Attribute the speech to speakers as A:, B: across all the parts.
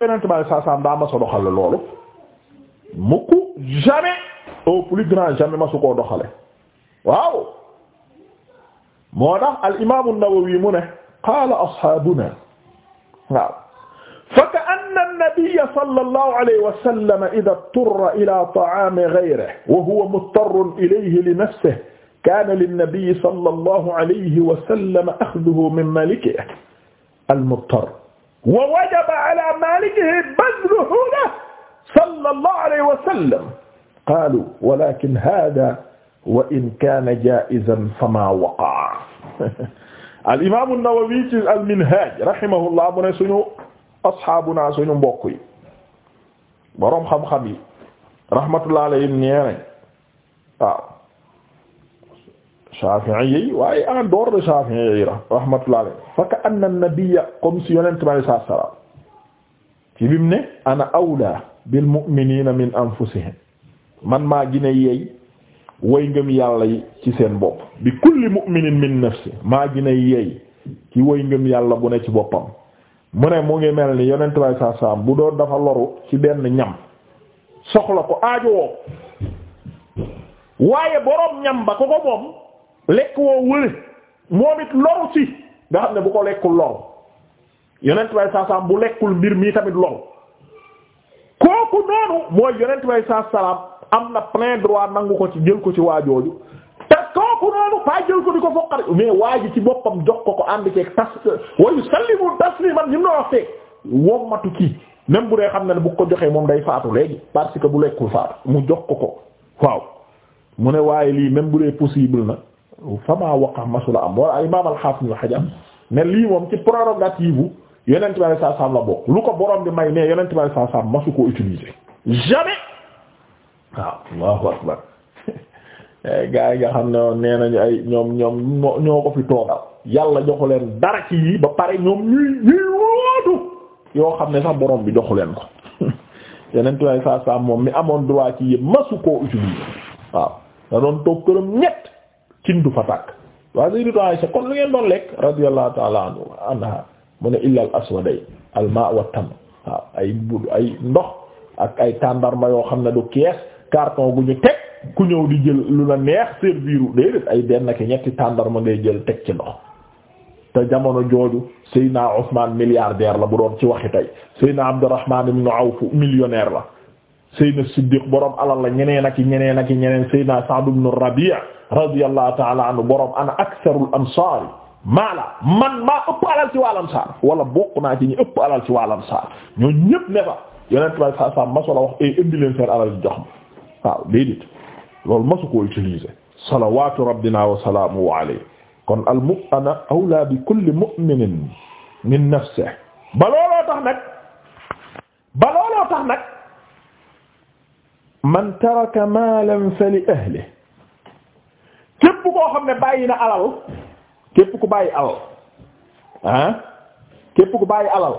A: yonent bi saa saam daa mas a doxale loolu mukk jamais au plus grand jamais masu koo doxale waaw moo tax al imaam an-Nawawi mu ne qaala ashaabuna waaw fa ka'anna an-nabiyya sallallahu alayhi wa sallam idha idturra ila ta'aami ghayrihi wa huwa muttarrun ilayhi li nafsihi kaana lin-nabiyyi sallallahu alayhi wa sallam akhdhuhu min maalikihi al-muttarr wa wajaba ala malikihi bazluhu lahu sallallahu alayhi wa sallam qaalu walakin hada wa in kaana jaa'izan famaa waqa'a al imaamu Nawawi ci al minhaaj rahimahullah mu ne suñu asxaabunaa suñu mbokk yi boroom xam-xam yi rahmatullah alayhim ñeene waaw Shafi'i waaye en dehors de Shafi'i rahmatullah alayhi fa ka anna nabiyya comme si yonent bi saa salaam ci bi mu ne ana awla bil mu'minina min anfusihim man maa gine yeey woy ngëm yàlla yi ci seen bopp bi kulli mu'minin min nafsi maa gine yeey ci way ngëm yàlla bu ne ci boppam mu ne mu ngi mel ni yonent bi saa salaam bu doon dafa loru ci benn ñam soxla ko aajowoo waaye boroom ñam ba ko ko moom lekk woo wële moom it loru ci nga xam ne bu ko lekkul loru yonent bay saasaam bu lekkul mbir mii tamit loru kooku noonu mooy yonent bay am na plein droit nangu ko ci jël ko ci waajooju te kooku noonu faa jël ko di ko foqari mais waa ji ci boppam jox ko ko ànd ceeg tas wayu sallimu tasliman ñi mu na wax tee wommatu kii même bu dee xam ne bu ko joxee moom day faatu léegi parce que bu lekkul faatu mu jox ko ko waaw mu ne waaye lii même bu dee possible na fama waqa masula am wala imam al-Hafiz Ibn Hajar ne lii moom ci prérogative u yonent bi alayhi salaam la boo lu ko borom bi may ne yonent bi alayhi salaam masu koo utiliser jamais waaw Allahu akbar eh, gaa yi nga xam ne nee nañu ay ñoom ñoom ñoo ko fi toogal yàlla joxu leen dara ci yi ba pare ñoom ñuy ñuy yoo xam ne sax borom bi joxu leen ko yeneen tubaab saa saa moom mi amoon droit ci yëpp masu koo utiliser waaw da doon toog këram ñett cin du fa tàkk waa Sayyidatu Aisha kon lu ngeen doon lekk radiyallahu ta'ala anhu anha mu ne illa al aswaday al ma wa tam waaw ay ndox ak ay tàndarma yoo xam ne du kees carton gu ñu teg ku ñëw di jël lu la neex serviru déedéet ay benn ki ñetti tàndarma ngay jël teg ci ndox te jamono jooju Seydina Ousmane milliardaire la bu doon ci waxi tey Seydina Abdurrahman ibn Awf millionnaire la Seydina Siddiq borom alal la ñeneen ak ñeneen ak ñeneen Seydina Sa'd ibn Rabi' radiyallahu ta'ala anhu borom ana aktharul ansaar maala man maa ëpp alal ci wal ansaar wala bokk naa ci ñi ëpp alal ci wal ansaar ñoo ñëpp ne fa yonent bi saa saa maso la wax ay eh, indi leen seen alal jox ma waaw déedéet loolu masu ko utiliser. salawaatu rabbina wa salaamuhu alayhi kon al mu'minu awlaa bi kulli mu'minin min nafsihi ba looloo tax nag ba looloo tax nag. man taraka maalan fa li ahlihi képp koo xam ne bàyyi na alal képp ku bàyyi alal ah képp ku bàyyi alal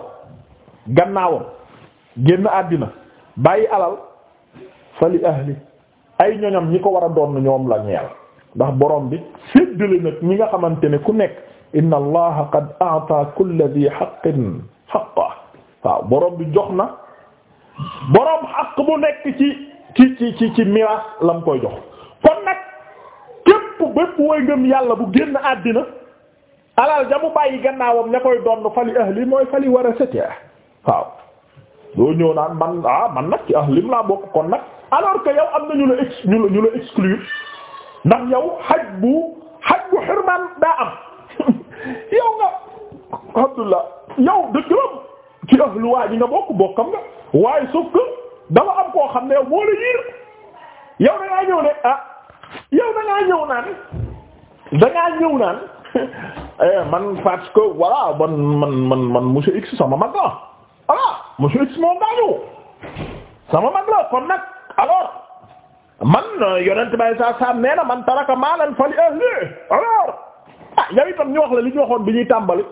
A: gannaawam génn àddina bàyyi alal fa li ahli ay ñoñam ñi ko war a doon ñoom la ñeel ndax borom bi séddale nag ñi nga xamante ne ku nekk inna allaha qad a'ta kulla dhi haqqin haqqahu waaw borom bi jox na borom xaq bu nekk ci ci ci ci ci miraas la mu koy jox kon nag képp bépp woy ngëm yàlla bu génn àddina alal ja mu bàyyi gannaawam ña koy donn fali ahli mooy fali warasati waaw doo ñëw naan man ah man nag ci ahlim laa bokk kon nag alors que yow am na ñu la ex ñu la ñu la exclure ndax yow xaj bu xaj bu xirmaan daa am yow nga alhamdulillah yow dëgg la ci ahlu waa ji nga bokk bokkam nga waaye sauf dafa am koo xam ne yow moo la yiir yow da ngaa ñëw ne ah yow da ñëw naan da ngaa ñëw naan eh, man parce que voilà man man man man X sama mag la voilà monsieur X moom daa sama mag la kon alors man euh, yonent bay sa sa nee na man taraka maalan fali ahli alors ah itam ñu wax la li ñu waxoon bi ñuy tàmbali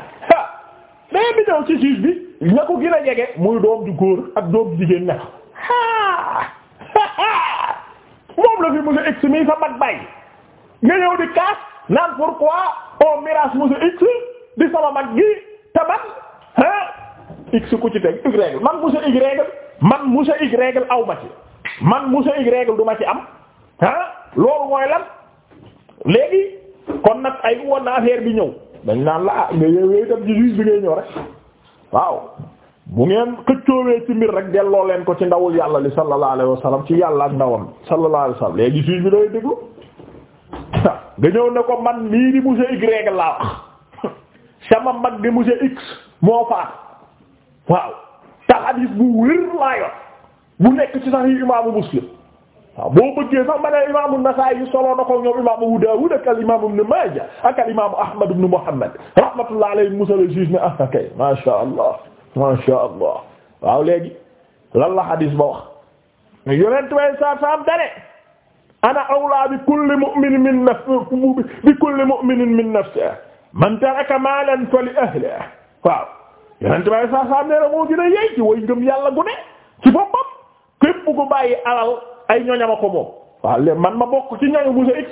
A: mais bi ñëw ci juge bi. ña ko gën a jege muy doom ju góor ak doom jigéen ne moom la fi monsieur X mii sa mag bay nga ñëw di kaas naan pourquoi au mirage monsieur X di sama mag gi te man ah X ku ci teg Y man monsieur Y man monsieur Y aw ma ci man monsieur Y du ma ci am ah loolu mooy lan léegi kon nag ay woon na affaire bi ñëw dañ naan la ah nga yowee tam ci juge bi ngay ñëw rek. waaw bu ngeen xëccoowee ci mbir rek delloo leen ko ci ndawul yàlla li sallallahu alayhi ci yàlla ak ndawam sallallahu alayhi wa sallam léegi juge bi day déglu nga ñëw ne ko man mii di monsieur Y laa wax mag di monsieur X moo faat waaw tax hadith bu wér laa yor bu nekk ci Sahih imaamu Muslim waaw boo bëggee sax ma ne imaamu Nasaa'i yu soloo na Abu Daawud ak al imaamu Ibn Maaja ak al imaamu Ahmad ibn Muhammad rahmatullah alayhi Musa le juge ne ah kay masha Allah masha Allah waaw léegi lan la xadiis ba wax yonent way sa sam dane ana awlaa bi kulli mu'minin min nafsihi bi kulli mu'minin min nafsihi man taraka maalan fa li ahlihi waaw yonent way sa sam nee na moo gën a yey ci way ngëm yàlla gu ne ci boppam képp ku bàyyi alal ay ñoñam a ko moom waaw léegi man ma bokk ci ñoñu monsieur X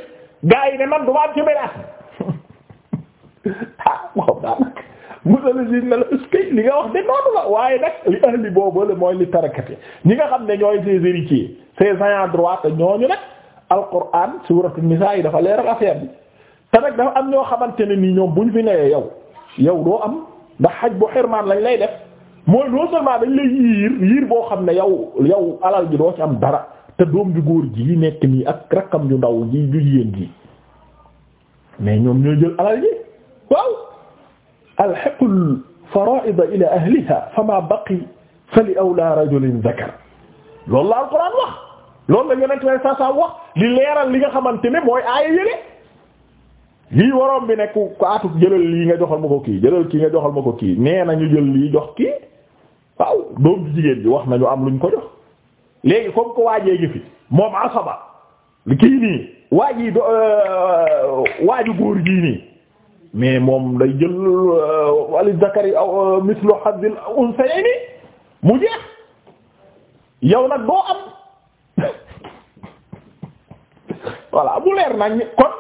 A: gaa yi ne man du ma ci médaas ah waaw daal monsieur le juge ne la est-ce li nga wax de noonu la waaye nag li ahli boobu la mooy li tarakate ñi nga xam ne ñooy ses héritiers ses ayants droit te ñooñu nag Alquran suuratul Nisaa yi dafa leeral affaire bi te nag dafa am ñoo xamante ne nii ñoom buñ fi newee yow yow doo am ndax xaj bu xirmaan lañ lay def mooy non seulement dañ lay yiir yiir boo xam ne yow yow alal ji doo ci am dara. te doom ju góor ji nekk nii ak rakkam ju ndaw ji ju jigéen ji mais ñoom ñooy jël alal ji waaw alhiqul fara'id ila ahliha fama baqi fa li awla rajulin dhakar loolu la alquran wax loolu la yonent way saa wax li leeral li nga xamante ne mooy aaya yële lii waroon bi nekk ko atut jëlal lii nga joxal ma ko kii jëlal kii nga joxal ma ko kii nee nañu ñu jël lii jox kii waaw doom ji jigéen ji wax nañu am luñ ko jox léegi comme ko waajee ngi fi moom asaba kii nii waaj yi do euh, waaju góor gii nii mais moom day jël euh, ali zakari aw euh, mislu hadil unsayni mu jeex yow nag doo am voilà bu leer nañ kon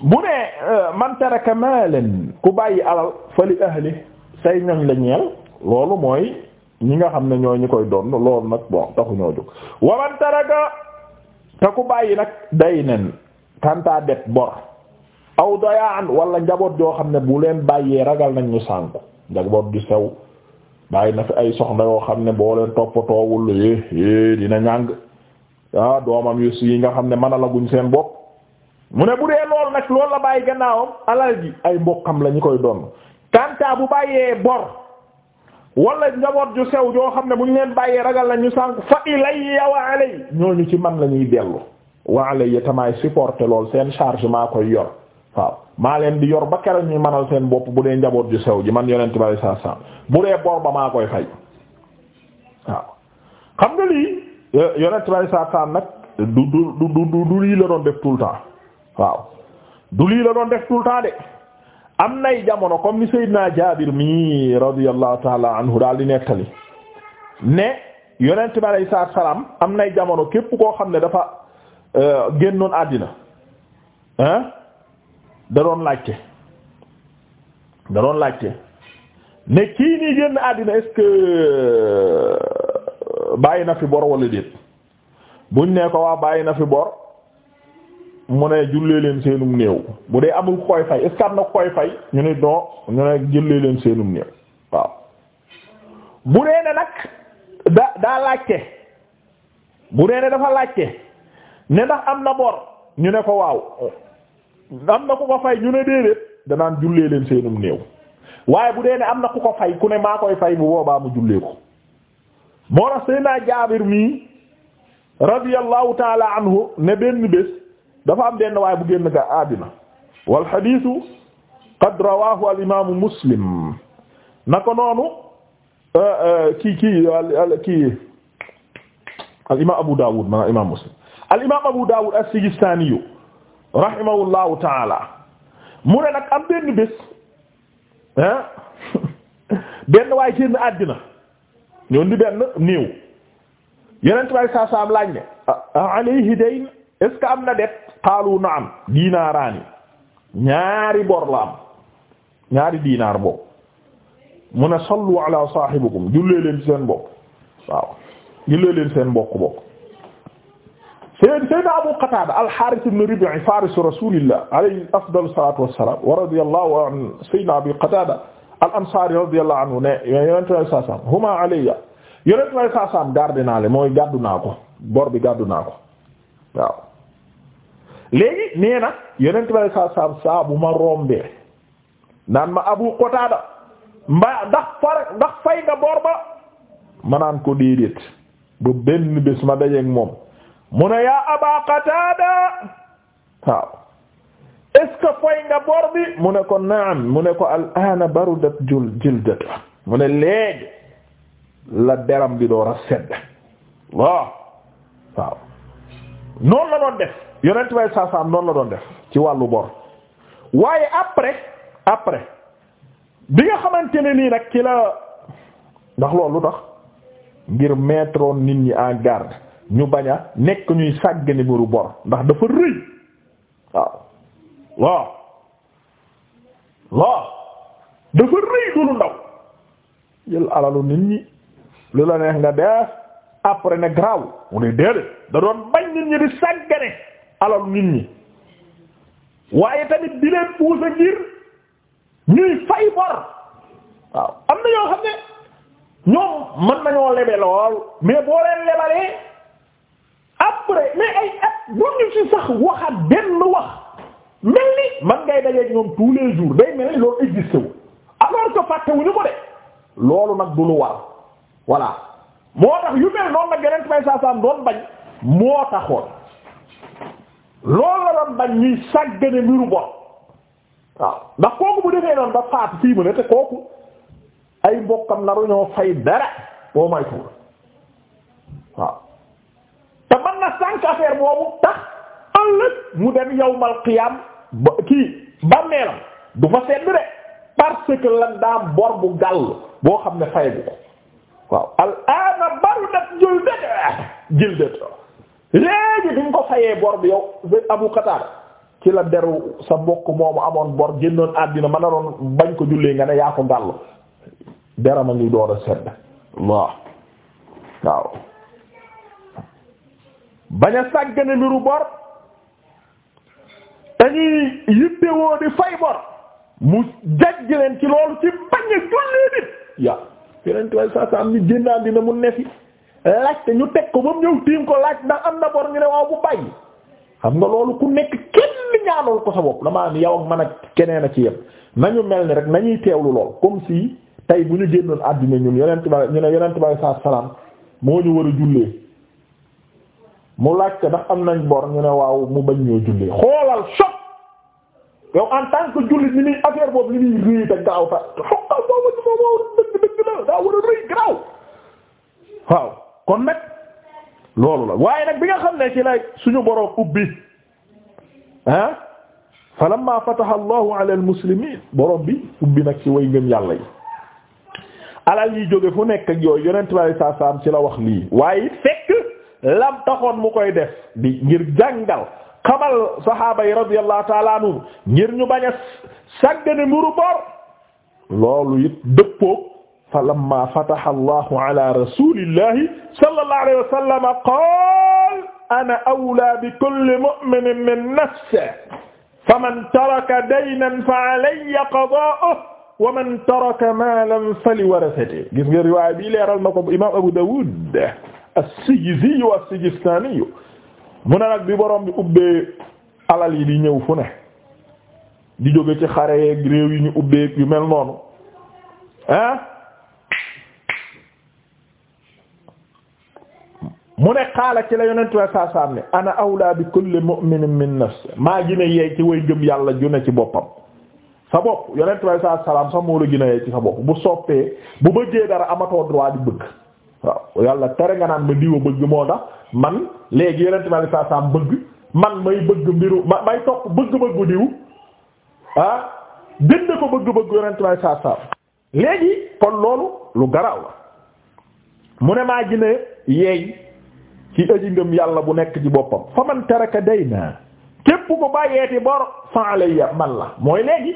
A: bu ne man taraka malan ku bàyyi alal fa li ahli say ñoñ la ñeel loolu mooy ñi nga xam ne ñoo ñi koy doon loolu nag bon taxu ñoo jóg waman taraka te bàyyi nag day nen kanta det bor aw doyaan wala njaboot joo xam ne bu leen bàyyee ragal nañ ñu sànku njaboot ju sew bàyyi na fi ay soxna yoo xam ne boo leen toppatoowul é é dina ñàng ah doomam yu yi nga xam ne mën a laguñ seen bopp mu ne bu dee loolu nag loolu la bàyyi gannaawam alal ji ay mbokkam la lañu koy doon kanta bu bàyyee bor wala njaboot yu sew joo xam ne bu ñu leen bàyyee ragal na ñu sànk fa ilayya wa alay ñooñu ci man la ñuy dellu wa yi tamaay supporter lool seen charge maa koy yor waaw maa leen di yor ba keroog ñu manal seen bopp bu dee njaboot yu sew ji man yonent bari saa saa bu dee bor ba maa koy fay waaw xam nga lii yonent bari saa saa nag du du du du lii la doon def tout le waaw du lii la doon def tout le de. am nay jamono comme ni Seydina Jaabir mi radiyallahu taala anhu daal di nettali ne yonent bi alayhi salaam am nay jamono képp koo xam ne dafa euh, génnoon àddina ah da doon laajte da doon laajte ne kii nii génn àddina est que euh, bàyyi na fi bor wala bu buñ ne ko waa bàyyi na fi bor. mu ne jullee leen seenum néew bu dee amul koy fay am na fay ñu ne non ñu leen seenum néew waaw bu dee ne nag ne dafa laajte ne ndax am na ne ko waaw na ku ko fay ñu ne déedéet danaan jullee leen seenum néew waaye bu dee ne am na ku ko fay ku ne maa koy fay bu boobaa mu jullee ko moo tax Seydina Jaabir mii radiyallahu taala anhu ne benn bés dafa am benn waaye bu génn ga àddina wal xadiisu qad rawaahu al imaamu muslim na ko noonu euh, euh, kii kii kii al imaam abu daawud maanaam imaam muslim al imaam abu daawud as-sijistaaniyu rahimahullahu taala mu ne nag am benn bés ah benn waaye génn àddina ñoon benn néew yeneen tubaab saa saa am laaj ne alayhi dayn est ce que am na det xaalu na am diinaaraani ñaari bor la am ñaari diinaar boobu mu ne sallu ala saahibikum jullee leen seen bopp waaw jullee leen seen mbokk bokk seen seen Abu Qatada al-Harith ibn Rib'i faris rasulillah alayhi afdalu salatu wassalam wa radiyallahu an sayyidina Abi Qatada al-Ansari radiyallahu anhu ne yonentu Yàlla saa saam huma alayya yonentu Yàlla saa saam garde naa le mooy gàddu naa ko bor bi gàddu naa ko waaw léegi nee na yonent bi saa saa saa bu ma rombee naan ma Abu Qataada mba ndax fay nga bor manaan ko déedéet ba benn bés ma moom mu ne yaa Aba Qataada waaw est fay nga bor mu ne ko naam mu ne ko al-aana barudat jul jildatu mu ne léegi la deram bi door a sedd waaw waaw la doon def. yonent way saasaam noonu la doon def ci wàllu bor waaye après après bi nga xamante ne nii nag ci la ndax loolu lu tax ngir mettre nit ñi en garde ñu bañ a nekk ñuy sàgg buru mbiru bor ndax dafa rëy waaw waaw waaw dafa rëy du lu ndaw jël alalu nit ñi lu la neex nga def après ne graw mu ne déedéet da doon bañ nit ñi di sàggane alal nit ñi waaye tamit di leen puusa ngir ñuy fay bor waaw am na ñoo xam ne ñoom mën nañoo lebe lool mais boo leen lebalee après mais ay at bu ñu ci sax waxaat benn wax mel ni man ngay dajeeg ñoom tous les jours day mel ni loolu existe wu alors que fàttewuñu ko de loolu nag du lu war voilà moo tax yu mel noonu nag yeneen may saa saa doon bañ moo taxoon loolu la doon bañ ñuy sàggane mbiru bopp waaw ndax kooku bu defee noonu ba faatu fii mu ne te kooku ay mbokkam naru ñoo fay dara boo may tuur waaw te mën na sànk affaire boobu tax ëllëg mu dem yawmal qiyam ba kii du fa sedd de parce que lan daa bor bu gàll boo xam ne fay bu ko waaw al aana barudat juldat jildat léegi bi nga ko fayee bor bi yow Abu Qatar ci la deru sa mbokk moomu amoon bor génnoon àddina man a doon bañ ko jullee nga ne yaa ko ngàll deram a ngi door a sedd waaw waaw bañ a sàggane mbiru bor dañuy yittewoo di fay bor mu jajj leen ci loolu ci bañ a jullee nit yaa yeneen tuwaay saa saa am ni génn àddina mu nefi laajte ñu teg ko ba mu ñëw tiim ko laaj ndax am na bor ñu ne waaw bu bàyyi xam nga loolu ku nekk kenn ñaanal ko sa bopp damaa am yow ak man ak keneen a ci yem nañu mel ni rek nañuy teewlu lool comme si tey bu ñu génnoon àddina ñun yonent ba ñu ne yonent salaam moo ñu war a jullee mu laaj ko ndax am nañ bor ñu ne waaw mu bañ ñoo jullee xoolal choc yow en tant que jullit ni muy affaire boobu li muy te gaaw ta xaw ma boobu war a rëy gaaw waaw. kon nag loolu la waaye nag bi nga xam ne ci lay suñu boroom ubbi ah falamma fataha allahu ala almuslimin boroom bi ubbi nag ci way ngëm yàlla yi alal yi jóge fu nekk ak yooyu yonent bi alei saa salaam ci la wax lii waaye it fekk lam taxoon mu koy def di ngir jàngal xamal sahaaba yi radiyallahu taala ngir ñu bañ a sàggane muru bor loolu it dëppoo falamma fataha allahu ala rasulillahi sallallahu alayhi wa sallam qaala ana awlaa bi kulli mu'minin min nafsihi faman taraka daynan fa alayya qadaa'uhu wa man taraka maalan faliwarasatihi gis nga riwaay bi leeral na ko imaam Abu Dawud as-Sijizi wa as-Sijistani mu ne nag bi borom bi ubbee alal yi di ñëw fu ne di jóge ci xare yeeg réew yi ñu ubbee yu mel noonu ah. mu ne xaala ci la yonent way saa saam ne ana awla bi kulli mu'minin min nafsi maa gine a yey ci way gëm yàlla ju ne ci boppam sa bopp yonent way saa moo la gën a yey ci sa bopp bu soppee bu bëggee dara amatoo droit di bëgg waaw yàlla tere nga naan ma diwa bëgg moo tax man léegi yonent way saa saam bëgg man may bëgg mbiru ma may topp bëgg-bëggu diw ah gën ko bëgg-bëgg yonent way léegi kon loolu lu garaaw la mu ne maa gën a ci aji yàlla bu nekk ci boppam fa man taraka dayna képp ko bàyyeeti bor fa alayya man la mooy léegi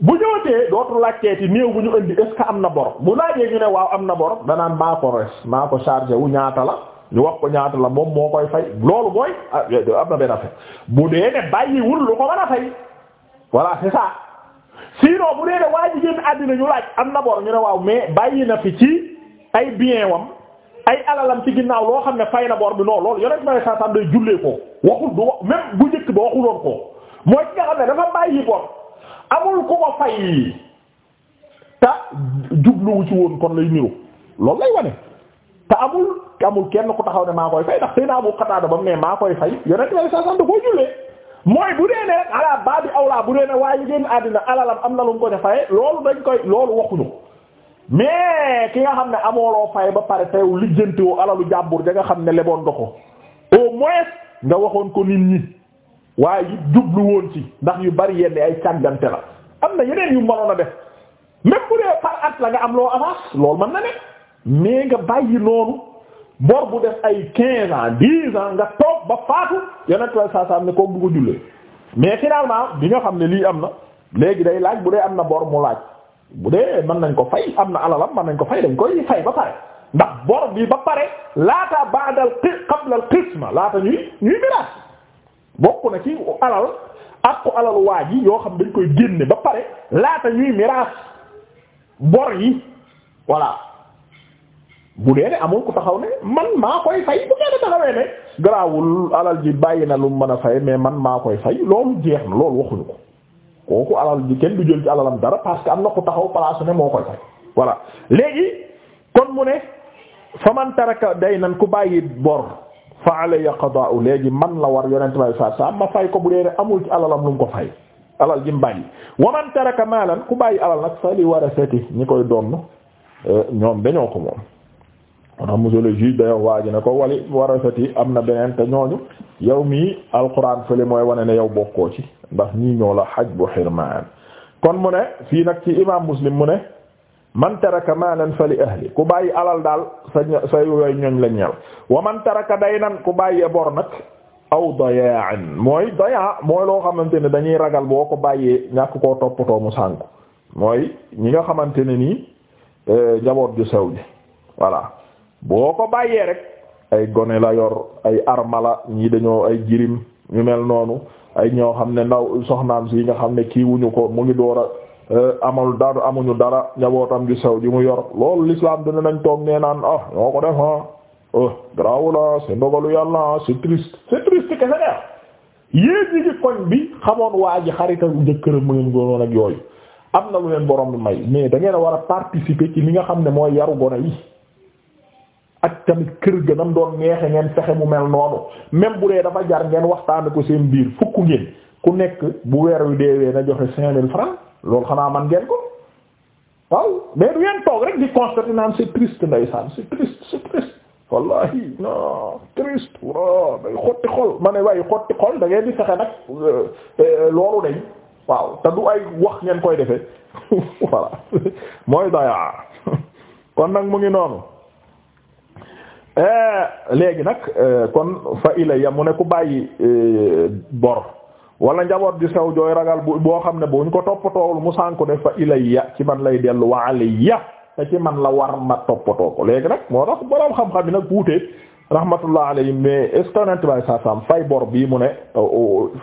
A: bu ñëwatee dootu laajteeti néew bu ñu indi est ce am na bor bu laajee ñu ne waaw am na bor danaan maa ko res maa ko chargé wu ñaata la ñu wax ko ñaata la moom moo koy fay loolu mooy ah, eh, am na benn affaire bu dee ne bàyyiwul lu ko mën a fay voilà c'est ça sinon bu dee ne waa jigéen àddina ñu laaj am na bor ñu ne waaw mais bàyyi na fi ci ay bien wam ay alalam ci ginnaaw loo xam ne fay na bor bi non loolu yonent may saa sam day jullee ko waxul du même bu njëkk ba waxuloon ko mooy ki nga xam ne dafa bàyyi bor amul ku ko fay te jubluwu ci woon kon lay niru loolu lay wane te amul amul kenn ku taxaw ne maa koy fay ndax sëy naa bu xataada ba mu ne maa koy fay yonent may saa sam da koo jullee mooy bu dee ne rek ala baabi awlaa bu dee ne waaye génn àddina alalam am na lu mu ko ne faye loolu mais ki nga xam ne amooloo fay ba pare teew lijjantiwoo alalu jàmbur ja nga xam ne leboon nga ko au moins nga waxoon ko nit ñi waaye it jublu woon ci ndax yu bari yenn ay càggante la am na yeneen yu mënoon a def même bu dee par at la nga am loo avance loolu mën na ne mais nga bàyyi noonu bor bu def ay quinze ans dix ans nga toog ba faatu yeneen trois cent ne kooku du ko jullee mais finalement bi nga xam ne lii am na léegi day laaj bu dee am na bor laaj. bu dee man nañ ko fay am na alalam man nañ ko fay dañ koy fay ba pare ndax bor bii ba pare laata ba'dal qabla al qisma laata ñuy ñuy miraas bokk na ci alal ak ko alalu waa ji yoo xam dañ koy génne ba pare laata ñuy miraas bor yi voilà bu dee ne amul ku taxaw ne man maa koy fay bu ngeen taxawee ne garaawul alal ji bàyyi na lu mën a fay mais man maa koy fay loolu jeex na loolu waxuñu ko kooku alal ji kenn du jël ci alalam dara parce que am na ko taxaw place ne moo koy fay voilà léegi kon mu ne faman taraka daynan ku bàyyi bor fa alayya qadaa'u léegi man la war yonent may sa saa ma fay ko bu dee amul ci alalam lu mu ko fay alal ji mu bàyyi wa man taraka maalan ku bàyyi alal nag fa li warasati ñi koy donn euh, ñoom dañoo ko moom moo tax monsieur le juge dayow waa ji ne ko wali warasati am na beneen te ñooñu yow mii alquran fële mooy wane ne yow bokkoo ci ndax ñii ñoo la xaj bu xirmaan kon mu ne fii nag ci imam muslim mu ne man taraka maalan fa li ahli ku bàyyi alal daal sa sa yooyu ñoñ la ñeel wa man day nan ku bàyyee bor nag aw dayaan mooy dayaa mooy loo xamante ne dañuy ragal boo ko bàyyee ñàkk koo toppatoo mu sànku mooy ñi nga xamante ne nii eh, jaboot ju sew ji voilà boo ko bàyyee rek ay gone la yor ay armala ñii dañoo ay jirim ñu mel noonu ay ñoo xam ne ndaw soxnaam si nga xam ne kii wuñu ko mu ngi door a eh, amul dara amuñu dara njabootam gi sew di mu yor loolu l'islam dina nañ toog nee naan ah ñoo ko def ah eh, ah garaawu la c'est ndogalu yàlla ah, c'est triste c'est triste kese neex yéen ñi ngi koñ bi xamoon waa ji xarita jëkkëram mu ngeen gonoon ak yooyu am na lu leen borom bi may mais da ngeen war a participer ci li nga xam ne mooy yaru gone yi ak tamit kër ga nam doon neexe ngeen fexe mu mel noonu même bu dee dafa jar ngeen waxtaane ko seen biir fukk ngeen ku nekk bu weer wi deewee na joxe cinq mille francs loolu xanaa man ngeen ko waaw mais du ngeen toog rek di constater naan c'est triste ndeysaan c'est triste c'est triste wallahi non triste waaw day xotti xol ma ne waaye xotti xol da di fexe nag euh, euh, loolu dañ waaw te du ay wax ngeen koy defee voilà mooy dayaa kon nag mu ngi noonu Eh, léegi nag eh, kon fa ilayya mu ne ku bàyyi eh, bor wala njaboot di sew jooy ragal boo xam ne bu ñu ko toppatoowul mu sànku ne fa ilayya ci man lay dellu wa alayya te ci man la war ma toppatoo ko léegi nag moo tax boroom xam-xam yi nag wuute rahmatullah alayhi mais est ce que nant bay sa fay bor bii mu ne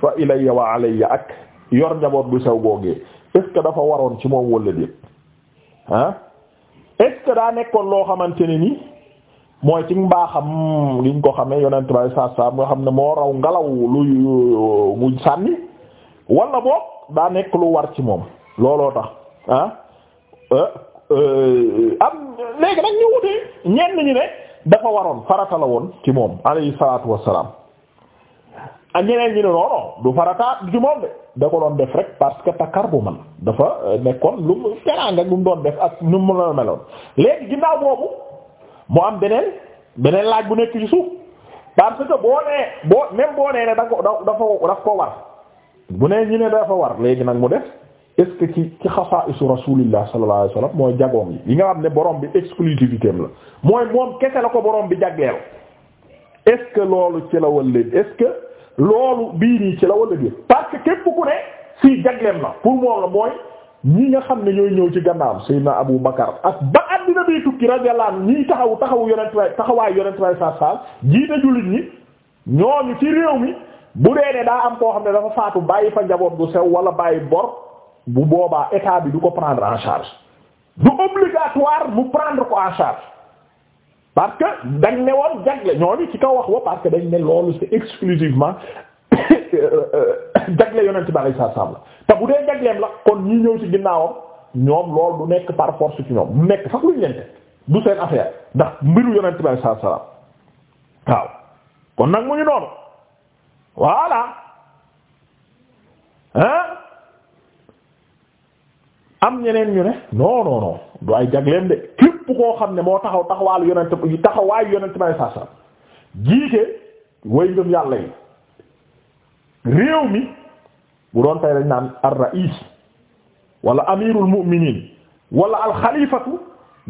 A: fa ilayya wa alayya ak yor njaboot bu sew googee est ce que dafa waroon ci moom wala déet ah est daa nekkoon loo xamante ne ni mooy ci mbaaxam liñ ko xamee yonent bay saa saa nga xam ne moo raw ngelaw luy mu sànni wala boog daa nekk lu war ci moom looloo tax ah euh, euh, am léegi nag ñu wute ñenn ñi ne dafa waroon farata la woon ci moom alayhi salaatu wassalaam ak ñeneen ñi ne noonu du farata ci moom de da ko doon def rek parce que takar bu man dafa nekkoon lu mu teraanga lu mu doon def ak nu mu la meloon léegi ginnaaw boobu mu am beneen beneen laaj bu nekk ci suuf parce que boo nee boo même boo nee ne da ko da daf ko war bu nee ñu ne dafa war léegi nag mu def est-ce que ci ci xasaa'isu rasulillah sallallahu alayhi wasallam mooy jagoom yi yi nga xam ne borom bi exclusivité am la mooy moom kese la ko borom bi jagleel est loolu ci la walla est-ce loolu bii nii ci la walla bi parce que képp ku ne si jagleem na pour moom la mooy. ñi nga xam ne ñooy ñëw ci gannaam Seydina Abu Bakar ak ba àddina bi tukki radiyallahu anhu ñii taxawu taxawu yonent way taxawaay yonent way sa sal jiite jullit ñi ñooñu ci réew mi bu dee ne daa am koo xam ne dafa faatu bàyyi fa njaboot bu sew wala bàyyi bor bu boobaa état bi du ko prendre en charge du obligatoire mu prendre ko en charge parce que dañ ne woon jagle ñooñu ci kaw wax wa parce que dañ ne loolu si exclusivement jagle yonent bi alayhi salaam la te bu dee jagleem la kon ñi ñëw ci ginnaawam ñoom loolu du nekk par force ci ñoom mu nekk sax luñ leen du seen affaire ndax mbiru yonent bi sallallahu alayhi waaw kon nag mu ngi noonu voilà ñeneen ñu ne non non non jagleem de képp koo xam ne moo taxaw taxawaalu yonent bi taxawaayu yonent bi sallallahu alayhi jiite way ngëm yàlla yi réew mi. bu doon tey dañ naan ar-ra'is wala amirul mu'minin wala al-xalifatu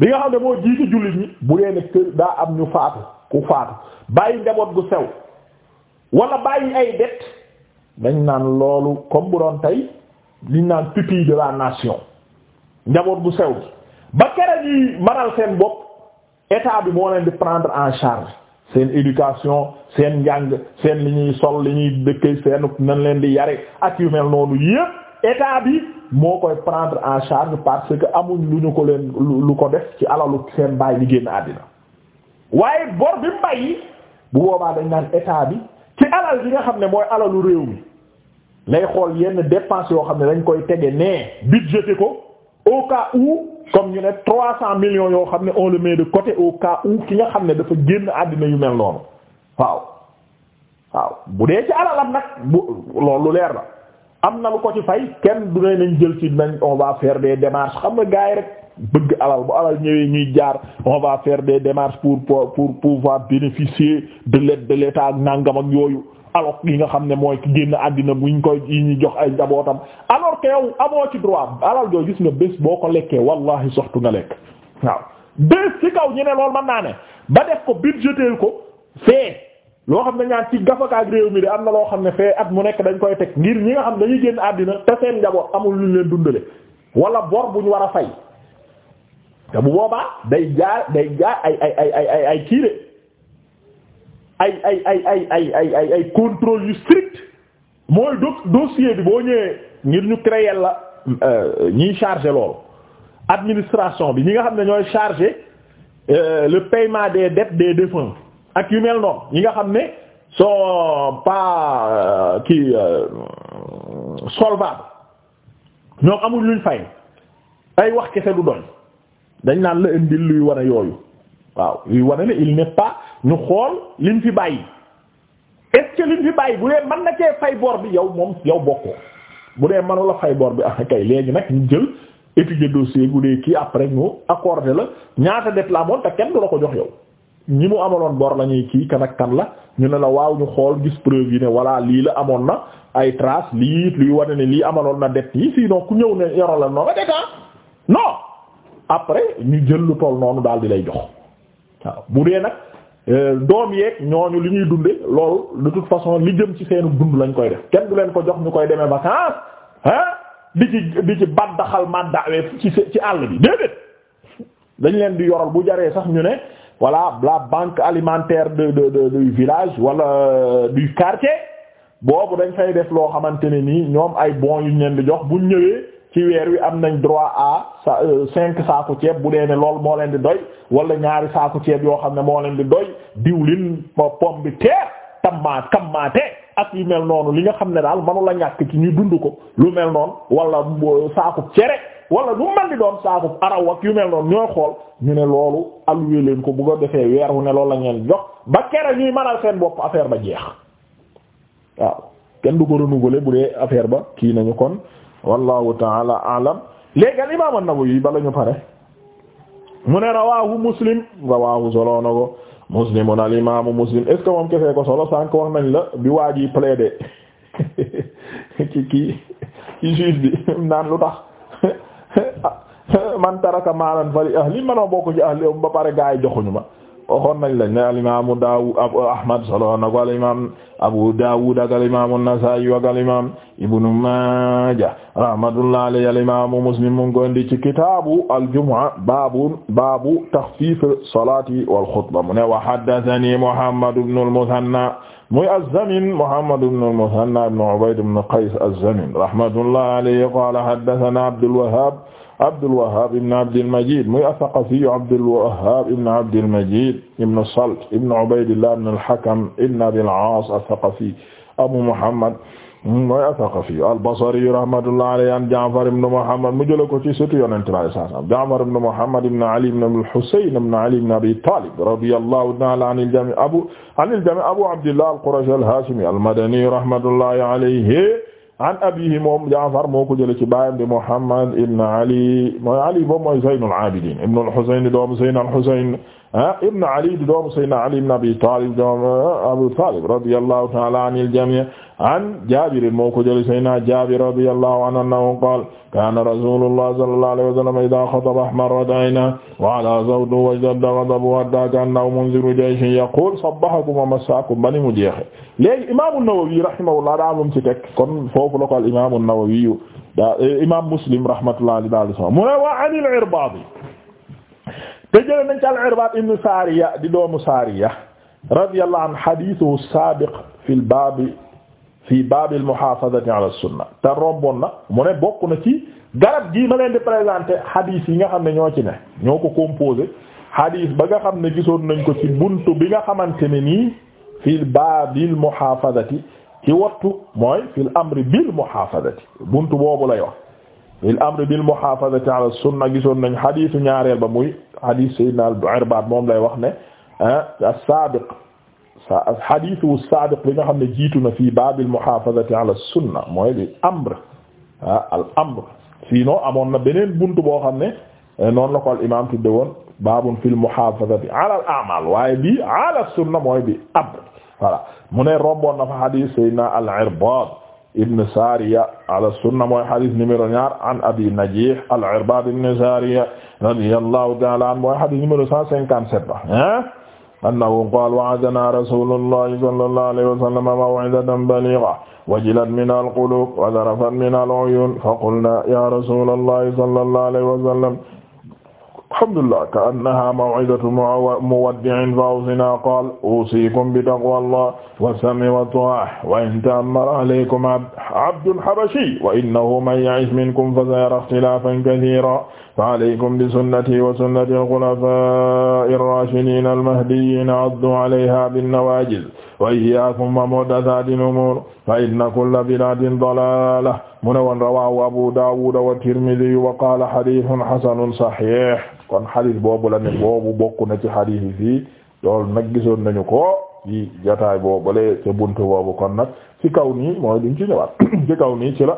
A: bi nga xam ne boo jiiti jullit ñi bu dee ne kër daa am ñu faatu ku faatu bàyyi njaboot gu sew wala bàyyi ay det dañ naan loolu comme bu doon tey liñ naan pupille de la nation njaboot bu sew ba kere yi maral seen bopp état bi moo leen di prendre en charge seen éducation seen njàng seen li ñuy sol li ñuy dëkk seen nan leen di yare ak yu mel noonu yépp état bi moo koy prendre en charge parce que amuñ lu ñu ko leen lu lu ko def ci alalu seen baay bi génn àddina waaye bor bi mbay bu boobaa dañ naan état bi ci alal bi nga xam ne mooy alalu réew mi lay xool yenn dépenses yoo xam ne dañ koy tege nee budgété ko au cas comme ñu ne trois cent millions yoo xam ne on le met de côté au cas où ki nga xam ne dafa génn àddina yu mel noonu waaw waaw bu dee ci alalam nag bu loolu leer la am na lu ko ci fay kenn du ne nañ jël ci nañ on va faire des démarches xam nga gaay rek bëgg alal bu alal ñëwee ñuy jaar on va faire des démarches pour pour pouvoir bénéficier de l'aide de l'État nangam ak yooyu alors yi nga xam ne mooy ki génn àddina bu ñu koy yi ñu jox ay njabootam alors que yow amoo ci droit alal joo gis nga bés boo ko lekkee wallahi soxtu nga lekk waaw bés ci kaw ñu ne loolu mën naa ne ba def ko budgété ko fee loo xam ne ñaan ci gafakaak réew mi de am na loo xam ne fee at mu nekk dañ koy teg ngir ñi nga xam dañuy génn àddina te seen njaboot amul lu ñu leen dundale wala bor ñu war a fay te bu boobaa day jaar day jaar ay ay ay ay ay kii ay ay ay ay ay ay ay ay contrôle yu strict mooy do dossier bi boo ñëwee ngir ñu créer la euh, ñiy chargé loolu administration bi ñi nga xam ne ñooy chargé euh, le paiement des dettes des défunts ak yu mel noonu ñi nga xam ne sont pas euh, kii solvable ñoom amul luñ fay ay wax kese du doy dañ naan la indil luy wane yooyu. waaw yuy wane ne il n'est pas ñu xool lim fi bàyyi est-ce que lim fi bàyyi bu dee mën na cee fay bor bi yow moom yow bokkoo bu dee mënu la fay bor bi ah kay léegi nag ñu jël étudier dossier bu dee kii après ñu accorder la ñaata dette la amoon te kenn du la ko jox yow ñi mu amaloon boor la ñuy kii kan ak kan la ñu ne la waaw ñu xool gis preuve yi ne voilà lii la amoon na ay trace lii it luy wane ne lii amaloon na dette yi sinon ku ñëw ne yoro la noonu la ah après ñu jël lu toll noonu daal di lay jox. waaw bu dee nag euh, doom yeeg ñooñu li ñuy dunde loolu de toute façon li jëm ci seenu dund lañ koy def kenn du leen ko jox ñu koy demee vacances ah di ci di ci baddaxal maddaawee ci ci àll bi déedéet dañ leen di yoral bu jaree sax ñu ne voilà la banque alimentaire de de de du village wala euh, du quartier boobu dañ fay def loo xamante ne nii ñoom ay bons yu ñu leen di jox bu ñëwee. ci weer wi am nañ droit à euh, cinq saaku ceeb bu dee ne lool moo leen di doy wala ñaari saaku ceeb yoo xam ne moo leen di doy diwlin pomme bi teer tammaa tammaate ak yu mel noonu li nga xam ne daal manu la ñàkk ci ñu dund ko lu mel noonu wala euh, saaku cere wala lu man di doon saaku araw ak yu mel noonu ñooy xool ñu ne loolu alloué leen ko bu ko defee weer wu ne loolu la ñeen jox ba kere ñuy mënal seen bopp affaire ba jeex waaw kenn du ko renouveler bu dee affaire ba kii nañu kon wallahu taala alam léegi al imam an-Nawawi bala ñu pare mu ne rawahu muslim rawahu solo na ko muslimun al imamu muslim est ce que moom kefee ko solo sànq wax nañ la bi waa ji plaidé ci kii ci juge bi naan lu tax ah, man taraka maalan fali ahli manoo bokk ci ahli ba pare gaay joxuñu ma waxoon nañ lañ ne al imaamu Daawud Ahmad solo na ko al imaam Abu Daawud ak al imaamu Nasaa'i ak al imaam Ibnu Maaja rahmatullahi alayhi al imaamu Muslim mu ngi ko indi ci kitaabu al-jumu'a baabu baabu taxfiif salaati wal xutba mu ne wa haddathanii Muhammad ibnu al-Muthanna muy az-Zamin Muhammad ibnu al-Muthanna ibnu Ubayd ibnu Qays az-Zamin rahmatullahi alayhi qaala haddathanaa Abdul Wahhaab Abdul Wahhab ibn Abdil Majid muy Asaqafi Abdul Wahhab ibn Abdil Majid ibn Salt ibn Ubaydillah ibn al-Hakam ibn Abil Aas Asaqafi Abu Muhammad mooy Asaqafi al-Basri rahmatullahi alayhi an Ja'far ibn Muhammad mu jël ko ci sëtu Yonent bi sallallahu alayhi wa sallam Ja'far ibn Muhammad ibn Ali ibn al-Husayn ibn Ali ibn Abi Talib radiyallahu ta'ala anil jami' Abu anil jami' Abu Abdillah al-Qurashi al-Hashimi al-Madani rahmatullahi alayhi an abihi moom Jaafar moo ko jëlee ci baayam di Muhammad ibn Ali mooy Ali boobu mooy Zaynul Abidin ibn al-Husayn doomu Zaynul Husayn Ah, ibn ali di doomu sayyidina ali ibn abi talib doom ah, abu talib radiyallahu ta'ala anil jami' an jabir moo ko jële sayyidina jabir radiyallahu anhu annahu qala kana rasulullah sallallahu alayhi wa sallam idha khataba ahmarrat 'aynahu wa 'ala zawdihi wajtadda ghadabuhu hatta ka'annahu munziru jayshin yaqul sabbahakum wa massaakum bani mu jeexe léegi imam an-nawawi rahimahullah daa lum ci teg kon foofu la ko al imam an-nawawi da eh, imam muslim rahmatullahi alayhi mu ne wa 'an al-irbaadi te jëlee nañ ci al-Irbaad ibn Saariya di doomu Saariya radiyallahu anhu hadiisuhu saabiq fil baabi fii baabil muhaafazati ala sunna te romboon na mu ne bokk na ci garab gii ma leen di présenter hadith yi nga xam ne ñoo ci ne ñoo ko composé hadith ba nga xam ne gisoon nañ ko ci buntu bi nga xamante ne nii fil baabil muhaafazati ci wattu mooy fil amri bil muhaafazati buntu boobu lay wax. lil amri bil muhaafazati ala sunna gisoon nañ xadiisu ñaareel ba muy xadiis sayyidina al-Irbaad moom lay wax ne ah, as-saabiq xadiisu saabiq bi nga xam ne jiitu na fii baabil muhaafazati ala sunna mooy lil amr ah al amoon na beneen buntu boo xam ne eh, noonu la ko al imaam tudde woon baabun fil muhaafazati ala al a'maal waaye bi ala sunna mooy bi amr mu ne romboon na fa xadiis sayyidina al-Irbaad ibn Sariya ala sunna mooy hadith numéro ñaar an Abi Najih al-Irbad ibn Sariya radiyallahu ta'ala anhu mooy hadith numéro cent cinquante-sept ba annahu qaala wa'adanaa rasuulullahi sallallahu alayhi wa sallam maw'izatan baligha wajilat minhaa al-quluub wa zarafat minhaa al-'uyuun fa qulnaa yaa rasuulallahi sallallahu alayhi wa sallam alhamdulillah ka annaha maw'izatu muwaddi'in fa awsinaa qaala uusiikum bi taqwallah was-sam'i wat-ta'aati wa in ta'ammara alaykum abdun habashiyyun wa innahu man ya'ish minkum fasayara ikhtilaafan kathiiran fa alaykum bi sunnatii wa sunnati al-khulafaa'i ar-raashidiin al-mahdiyyiin 'addu 'alayhaa bin-nawaajiz wa iyyaakum wa muhdathaati al-umuur fa inna kulla bid'atin dalaalah mu ne woon rawaahu Abuu Daawuud wa Tirmidhii wa qaala hadiithun hasanun sahiih kon xadis boobu la ne boobu bokk na ci xadis yi fii loolu nag gisoon nañu ko jataay jotaay boobule ca buntu boobu kon nag ci kaw nii mooy duñ ci ñëwaat ci kaw nii ci la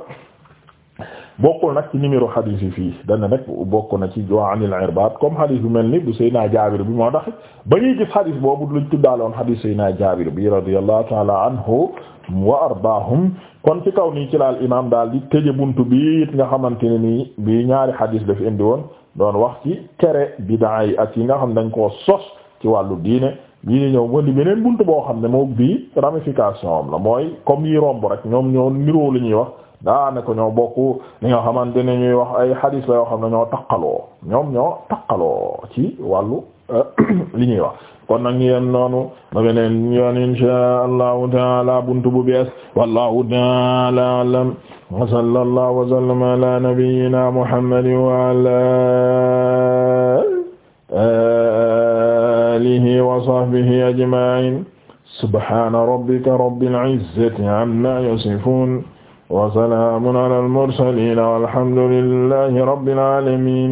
A: bokkul nag ci numéro xadis yi fii dana nag na ci wa anil Irbaad comme xadis bu mel ni bu naa Jaabir bi moo tax ba ñuy gis xadis boobu luñ tuddaaloon xadis Seydina Jaabir bi radiyallahu taala anhu wa ardaahum kon ci kaw nii ci la al imaam daal di tëje buntu bi it nga xamante ne nii bii ñaari xadis dafi indi woon doon wax ci kere bidaa yi ak yi nga xam dañ koo sos ci wàllu diine bii ni ñëw moo di beneen bunt boo xam ne moo bii ramification am la mooy comme yi romb rek ñoom ñoo niroo li ñuy wax daanaka ñoo bokk li nga xamante ne ñuy wax ay xadiis la yoo xam ne ñoo takkaloo ñoom ñoo takkaloo ci wàllu euh, li ñuy wax kon nag ñu yem noonu ba beneen yoon insha allahu taala buntu bu bees wallahu taala alam wa sallallahu wa sallama ala nabiyyina muhammadin wa ala alihi wa sahbihi ajma'in subhana rabbika rabbil izzati amma yasifun wa salamun ala al mursalin walhamdulillahi rabbil alamin